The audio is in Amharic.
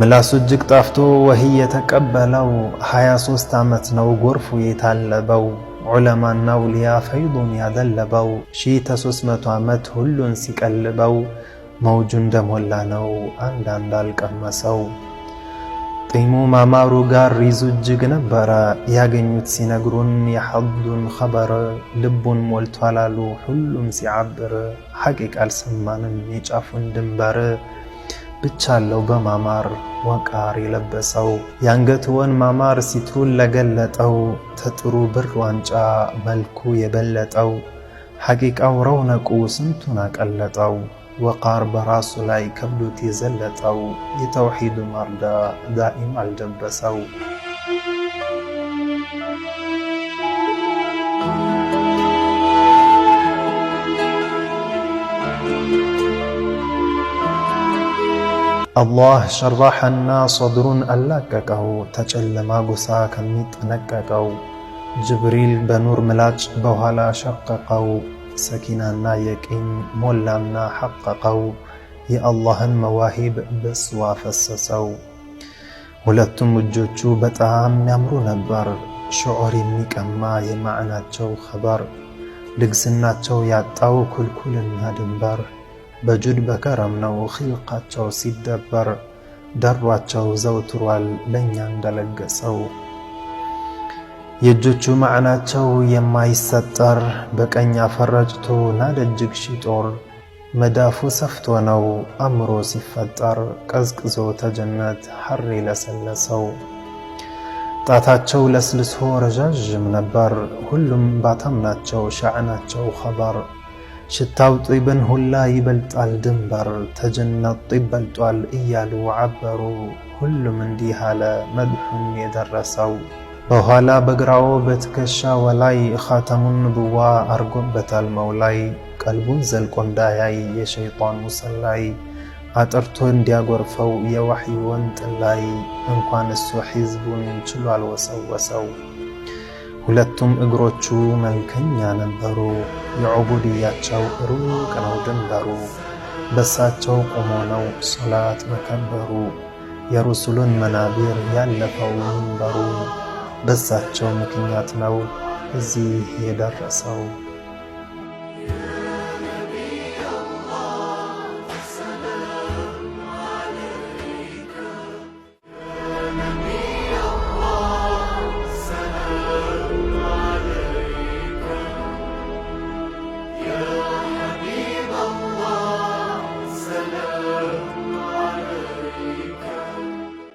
ምላሱ እጅግ ጣፍቶ ወህይ የተቀበለው 23 ዓመት ነው ጎርፉ የታለበው ዑለማና ውልያ ፈይዱን ያዘለበው ሺህ ተሦስት ዓመት ሁሉን ሲቀልበው መውጁ እንደሞላ ነው አንድ አልቀመሰው ጢሙ ማማሩ ጋር ሪዙ እጅግ ነበረ ያገኙት ሲነግሩን የሐዱን ኸበር ልቡን ሞልቷላሉ ሁሉም ሲዓብር ሐቂቅ አልሰማንም የጫፉን ድንበር ብቻለው በማማር ወቃር የለበሰው የአንገትወን ማማር ሲትሩን ለገለጠው ተጥሩ ብር ዋንጫ መልኩ የበለጠው ሐቂቃው ረውነቁ ስንቱን አቀለጠው ወቃር በራሱ ላይ ከብዶት የዘለጠው የተውሒዱ ማርዳ ዳኢም አልደበሰው። አላህ ሸራሐና ሶድሩን አላቀቀው ተጨለማ ጎሳ ከሚጠነቀቀው ጅብሪል በኑር ምላጭ በኋላ ሸቀቀው ሰኪናና የቂን ሞላና ሐቀቀው የአላህን መዋሂብ በስዋ ፈሰሰው። ሁለቱም እጆቹ በጣም ያምሩ ነበር፣ ሽዑር የሚቀማ የማዕናቸው ኸበር፣ ልግስናቸው ያጣው ኩልኩልና ድንበር በጁድ በከረም ነው ኺልቃቸው ሲደበር ደሯቸው ዘውትሯል ለእኛ እንደለገሰው የእጆቹ ማዕናቸው የማይሰጠር በቀኝ አፈረጭቶ ናደ እጅግ ሺ መዳፉ ሰፍቶ ነው አእምሮ ሲፈጠር ቀዝቅዞ ተጀነት ሐር ለሰለሰው ጣታቸው ለስልሶ ረዣዥም ነበር ሁሉም ናቸው ሻዕናቸው ኸበር ሽታው ጢብን ሁላ ይበልጣል ድንበር ተጀነት ጢብ በልጧል እያሉ አበሩ። ሁሉም እንዲህ አለ መድሑን የደረሰው በኋላ በግራው በትከሻው ላይ ኻተሙን ንብዋ አርጎበታል መውላይ። ቀልቡን ዘልቆ እንዳያይ የሸይጣን ሙሰላይ አጥርቶ እንዲያጎርፈው የዋሕይ ወንጥ እንኳን እሱ ሒዝቡን ችሎ አልወሰወሰው። ሁለቱም እግሮቹ መልከኛ ነበሩ። የዑቡድያቸው ሩቅ ነው ድንበሩ። በሳቸው ቆሞ ነው ሶላት መከበሩ። የሩሱሉን መናቢር ያለፈው ምንበሩ በሳቸው ምክንያት ነው እዚህ የደረሰው።